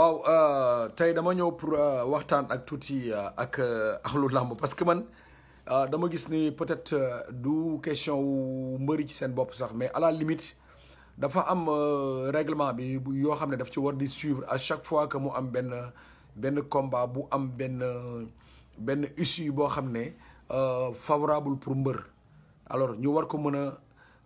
waaw euh, tey dama ñëw pour euh, waxtaan ak tuuti euh, ak axlu làmb parce que man dama gis ni peut-être du question wu mbëri ci seen bopp sax mais à la limite dafa am réglement bi yoo xam ne daf ci war di suivre à chaque fois que mu am benn benn combat bu am benn benn issue boo xam ne favorable pour mbër alors ñu war ko mën a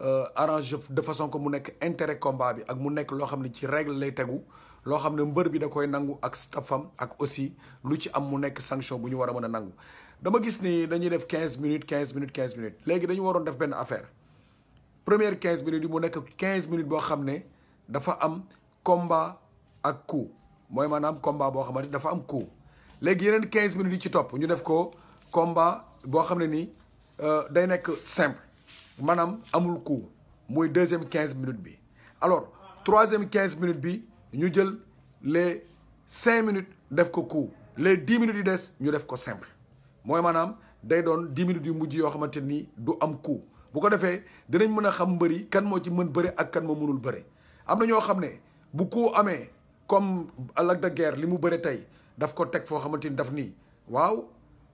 Euh, arrange de façon que mu nekk intérêt combat bi ak mu nekk loo xam ne ci règle lay tegu loo xam ne mbër bi da koy nangu ak staffam ak aussi lu ci am mu nekk sanction bu ñu war a mën a nangu. dama gis ni dañuy def quinze minutes quinze minutes 15 minutes léegi dañu waroon def benn affaire première quinze minutes yi mu nekk quinze minutes boo xam ne dafa am combat ak coup mooy maanaam combat boo xamante dafa am coup léegi yeneen quinze minutes yi ci topp ñu def ko combat boo xam ne ni euh, day nekk simple. maanaam amul ku muy deuxième quinze minutes bi alors troisième quinze minutes bi ñu jël les cinq minutes def ko ku les dix minutes yu des ñu def ko simple mooy maanaam day doon dix minutes yu mujj yoo xamante ni du am ku bu ko defee danañ mën a xam mbëri kan moo ci mën bëri ak kan moo mënul bëri am na ñoo xam ne bu coup amee comme Lac de Guiers li mu bëri tey daf ko teg foo xamante ni daf nii waaw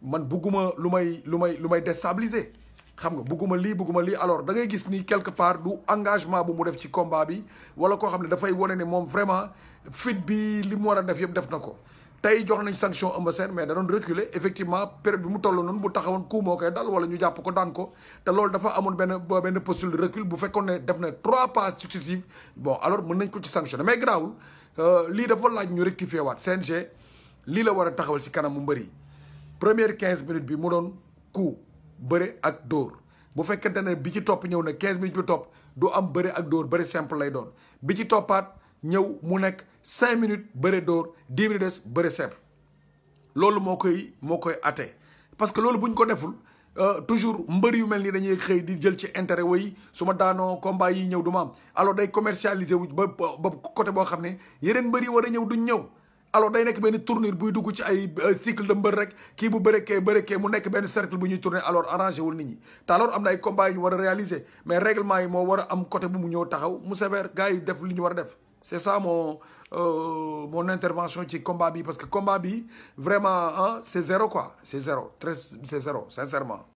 man bugguma lu may lu may lu may déstabiliser xam nga bugguma lii bugguma lii alors da ngay gis ni quelque part du engagement bu mu def ci combat bi wala koo xam ne dafay wane ne moom vraiment fit bi li mu war a def yëpp def na ko tey jox nañ sanction Eumeu Sène mais da doon reculer effectivement période bi mu toll noonu bu taxawoon coup moo koy dal wala ñu jàpp ko daan ko te loolu dafa amoon benn benn posture de recul bu fekkoon ne def na trois pas successives bo alors mën nañ ko ci sanctionné mais garaawul euh, lii dafa laaj ñu rectifier waat CNG lii la war a taxawal si kanam mbëri première quinze minutes bi mu doon coup bëre ak dóor bu fekkente ne bi ci topp ñëw na quinze minutes bi topp du am bëre ak dóor bëre simple lay doon bi ci toppaat ñëw mu nekk cinq minutes bëre dóor 10 des bëre simple loolu moo koy moo koy atte parce que loolu bu ñu ko deful euh, toujours mbër yu mel nii dañuy xëy di jël ci intérêt way su ma daanoo combat yi ñëw du ma am alors day commercialisé wu ba ba côté boo xam ne yeneen mbër yi war a ñëw duñ ñëw. alors day nekk benn tournure buy dugg ci ay euh, cycle de mbër rek kii bu bërëkkee bërëkkee mu nekk benn cercle bu ñuy tourner alors arrangé wul nit ñi te alors am na ay combats yu ñu war a réaliser mais règlement yi moo war a am côté bu mu ñëw taxaw mu sévère gars yi def li ñu war a def c'est ça mon euh, intervention ci combat bi parce que combat bi vraiment ah c'est zéro quoi c'est zéro très c'est zéro sincèrement